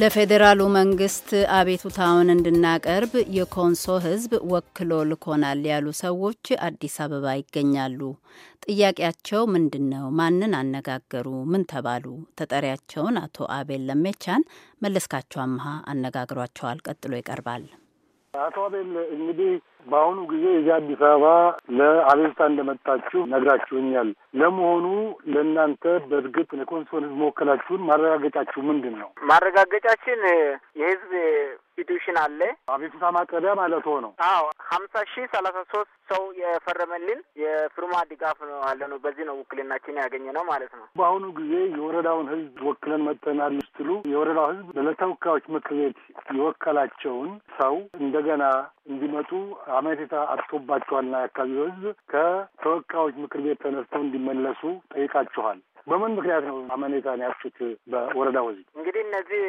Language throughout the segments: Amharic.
ለፌዴራሉ መንግስት አቤቱታውን እንድናቀርብ የኮንሶ ህዝብ ወክሎ ልኮናል ያሉ ሰዎች አዲስ አበባ ይገኛሉ። ጥያቄያቸው ምንድን ነው? ማንን አነጋገሩ? ምን ተባሉ? ተጠሪያቸውን አቶ አቤል ለሜቻን መለስካቸው አምሃ አነጋግሯቸዋል። ቀጥሎ ይቀርባል። አቶ አቤል እንግዲህ በአሁኑ ጊዜ እዚህ አዲስ አበባ ለአቤልታ እንደመጣችሁ ነግራችሁኛል። ለመሆኑ ለእናንተ በእርግጥ የኮንሶን ህዝብ መወከላችሁን ማረጋገጫችሁ ምንድን ነው? ማረጋገጫችን የህዝብ ኢንስቲትዩሽን አለ አቤቱታ ማቅረቢያ ማለት ሆነው። አዎ ሀምሳ ሺህ ሰላሳ ሶስት ሰው የፈረመልን የፊርማ ድጋፍ ነው አለ ነው። በዚህ ነው ውክልናችን ያገኘ ነው ማለት ነው። በአሁኑ ጊዜ የወረዳውን ህዝብ ወክለን መጥተናል። ስትሉ የወረዳው ህዝብ ለተወካዮች ምክር ቤት የወከላቸውን ሰው እንደገና እንዲመጡ አመኔታ አጥቶባቸዋልና የአካባቢው ህዝብ ከተወካዮች ምክር ቤት ተነስተው እንዲመለሱ ጠይቃችኋል። በምን ምክንያት ነው አመኔታን ያሱት በወረዳው ህዝብ እንግዲህ እነዚህ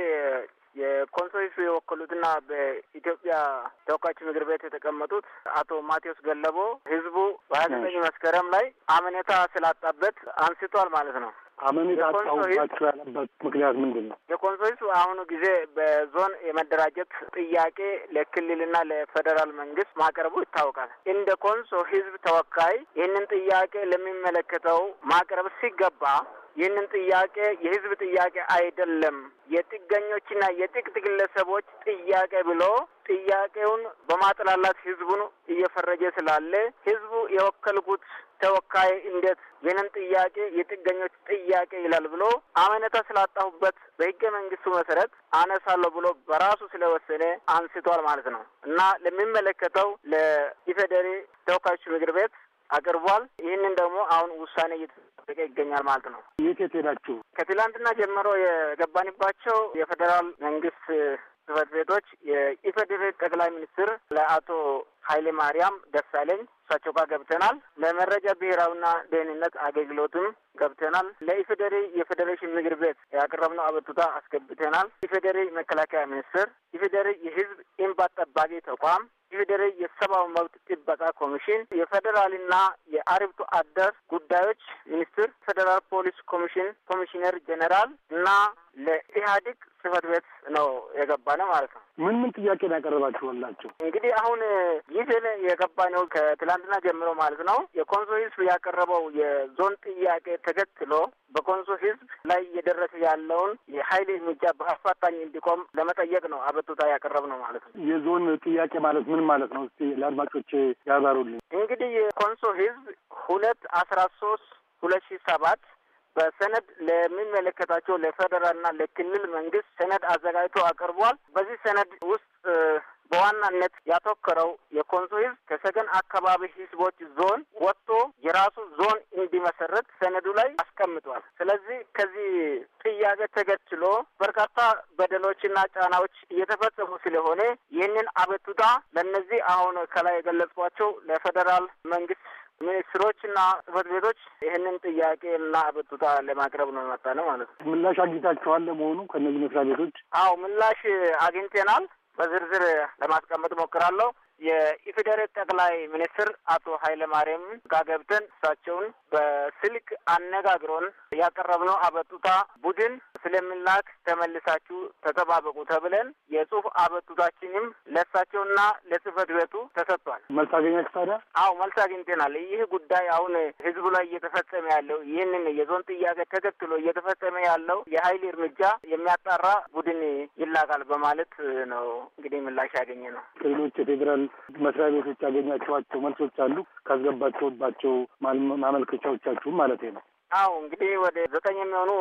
የኮንሶ ህዝብ የወከሉትና በኢትዮጵያ ተወካዮች ምክር ቤት የተቀመጡት አቶ ማቴዎስ ገለቦ ህዝቡ በሀያ ዘጠኝ መስከረም ላይ አመኔታ ስላጣበት አንስቷል ማለት ነው። አመኔታ ያለበት ምክንያት ምንድን ነው? የኮንሶ ህዝብ አሁኑ ጊዜ በዞን የመደራጀት ጥያቄ ለክልልና ለፌዴራል መንግስት ማቅረቡ ይታወቃል። እንደ ኮንሶ ህዝብ ተወካይ ይህንን ጥያቄ ለሚመለከተው ማቅረብ ሲገባ ይህንን ጥያቄ የህዝብ ጥያቄ አይደለም የጥገኞችና የጥቂት ግለሰቦች ጥያቄ ብሎ ጥያቄውን በማጥላላት ህዝቡን እየፈረጀ ስላለ ህዝቡ የወከልኩት ተወካይ እንዴት ይህንን ጥያቄ የጥገኞች ጥያቄ ይላል ብሎ አመነታ ስላጣሁበት በህገ መንግስቱ መሰረት አነሳለሁ ብሎ በራሱ ስለወሰነ አንስቷል ማለት ነው እና ለሚመለከተው ለኢፌዴሪ ተወካዮች ምክር ቤት አቅርቧል። ይህንን ደግሞ አሁን ውሳኔ እየተጠበቀ ይገኛል ማለት ነው። የት የት ሄዳችሁ? ከትላንትና ጀምሮ የገባንባቸው የፌዴራል መንግስት ጽህፈት ቤቶች የኢፌዴሪ ጠቅላይ ሚኒስትር ለአቶ ኃይለ ማርያም ደሳለኝ እሳቸው ጋር ገብተናል። ለመረጃ ብሔራዊና ደህንነት አገልግሎትም ገብተናል። ለኢፌዴሪ የፌዴሬሽን ምክር ቤት ያቀረብነው አቤቱታ አስገብተናል። ኢፌዴሪ መከላከያ ሚኒስትር፣ ኢፌዴሪ የህዝብ እንባ ጠባቂ ተቋም፣ የፌዴራል የሰብአዊ መብት ጥበቃ ኮሚሽን፣ የፌዴራልና የአርብቶ አደር ጉዳዮች ሚኒስትር፣ ፌዴራል ፖሊስ ኮሚሽን ኮሚሽነር ጄኔራል እና ለኢህአዴግ ጽህፈት ቤት ነው የገባ ነው ማለት ነው። ምን ምን ጥያቄ ያቀረባችሁላቸው? እንግዲህ አሁን ይህን የገባ ነው ከትላንትና ጀምሮ ማለት ነው። የኮንሶ ህዝብ ያቀረበው የዞን ጥያቄ ተከትሎ በኮንሶ ህዝብ ላይ እየደረሰ ያለውን የኃይል እርምጃ በአፋጣኝ እንዲቆም ለመጠየቅ ነው አቤቱታ ያቀረብ ነው ማለት ነው። የዞን ጥያቄ ማለት ምን ማለት ነው? እስቲ ለአድማጮች ያብራሩልኝ። እንግዲህ የኮንሶ ህዝብ ሁለት አስራ ሶስት ሁለት ሺ ሰባት በሰነድ ለሚመለከታቸው ለፌዴራልና ለክልል መንግስት ሰነድ አዘጋጅቶ አቅርቧል። በዚህ ሰነድ ውስጥ በዋናነት ያተኮረው የኮንሶ ህዝብ ከሰገን አካባቢ ህዝቦች ዞን ወጥቶ የራሱ ዞን እንዲመሰረት ሰነዱ ላይ አስቀምጧል። ስለዚህ ከዚህ ጥያቄ ተከትሎ በርካታ በደሎችና ጫናዎች እየተፈጸሙ ስለሆነ ይህንን አቤቱታ ለእነዚህ አሁን ከላይ የገለጽኳቸው ለፌዴራል መንግስት ሚኒስትሮችና ጽህፈት ቤቶች ይህንን ጥያቄ እና አቤቱታ ለማቅረብ ነው የመጣ ነው ማለት ነው። ምላሽ አግኝታችኋል? ለመሆኑ ከእነዚህ መስሪያ ቤቶች? አዎ ምላሽ አግኝቴናል። በዝርዝር ለማስቀመጥ ሞክራለሁ። የኢፌዴሬት ጠቅላይ ሚኒስትር አቶ ማርያም ጋር ገብተን እሳቸውን በስልክ አነጋግሮን ያቀረብነው አቤቱታ ቡድን ስለምላክ ተመልሳችሁ ተጠባበቁ ተብለን የጽሁፍ አቤቱታችንም ለእሳቸውና ለጽህፈት ቤቱ ተሰጥቷል። መልስ አገኘህ ታዲያ? አዎ መልስ አግኝተናል። ይህ ጉዳይ አሁን ህዝቡ ላይ እየተፈጸመ ያለው ይህንን የዞን ጥያቄ ተከትሎ እየተፈጸመ ያለው የሀይል እርምጃ የሚያጣራ ቡድን ይላካል በማለት ነው እንግዲህ ምላሽ ያገኘ ነው። ክልሎች የፌዴራል መስሪያ ቤቶች ያገኛቸዋቸው መልሶች አሉ ካስገባቸውባቸው ማመልከቻዎቻችሁም ማለት ነው አዎ እንግዲህ ወደ ዘጠኝ የሚሆኑ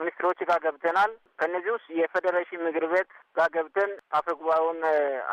ሚኒስትሮች ጋር ገብተናል። ከእነዚህ ውስጥ የፌዴሬሽን ምክር ቤት ጋር ገብተን አፈጉባኤውን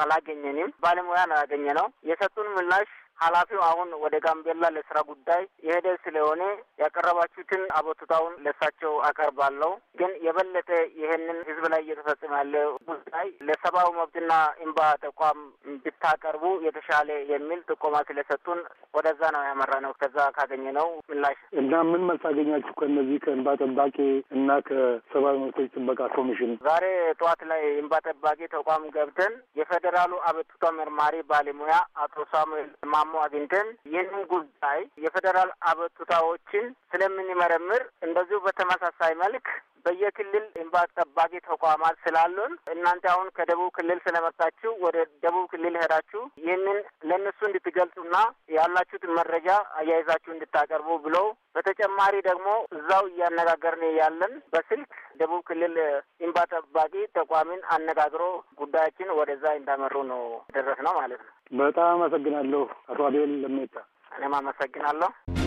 አላገኘንም፣ ባለሙያን አላገኘ ነው የሰጡን ምላሽ ኃላፊው አሁን ወደ ጋምቤላ ለስራ ጉዳይ የሄደ ስለሆነ ያቀረባችሁትን አቤቱታውን ለሳቸው አቀርባለሁ። ግን የበለጠ ይህንን ህዝብ ላይ እየተፈጸመ ያለ ጉዳይ ለሰብአዊ መብትና እንባ ተቋም ብታቀርቡ የተሻለ የሚል ጥቆማ ስለሰጡን ወደዛ ነው ያመራ ነው። ከዛ ካገኘ ነው ምላሽ እና ምን መልስ አገኛችሁ ከእነዚህ ከእንባ ጠባቂ እና ከሰብአዊ መብቶች ጥበቃ ኮሚሽን? ዛሬ ጠዋት ላይ እንባ ጠባቂ ተቋም ገብተን የፌዴራሉ አቤቱታ መርማሪ ባለሙያ አቶ ሳሙኤል ማ ደግሞ አግኝተን ይህንን ጉዳይ የፌዴራል አበቱታዎችን ስለምንመረምር እንደዚሁ በተመሳሳይ መልክ በየክልል እንባ ጠባቂ ተቋማት ስላሉን እናንተ አሁን ከደቡብ ክልል ስለመጣችሁ ወደ ደቡብ ክልል ሄዳችሁ ይህንን ለእነሱ እንድትገልጹና ያላችሁትን መረጃ አያይዛችሁ እንድታቀርቡ ብለው በተጨማሪ ደግሞ እዛው እያነጋገርን ያለን በስልክ ደቡብ ክልል እንባ ጠባቂ ተቋሚን አነጋግሮ ጉዳያችን ወደዛ እንዳመሩ ነው ደረስ ነው ማለት ነው። በጣም አመሰግናለሁ አቶ አቤል ለሜታ። እኔም አመሰግናለሁ።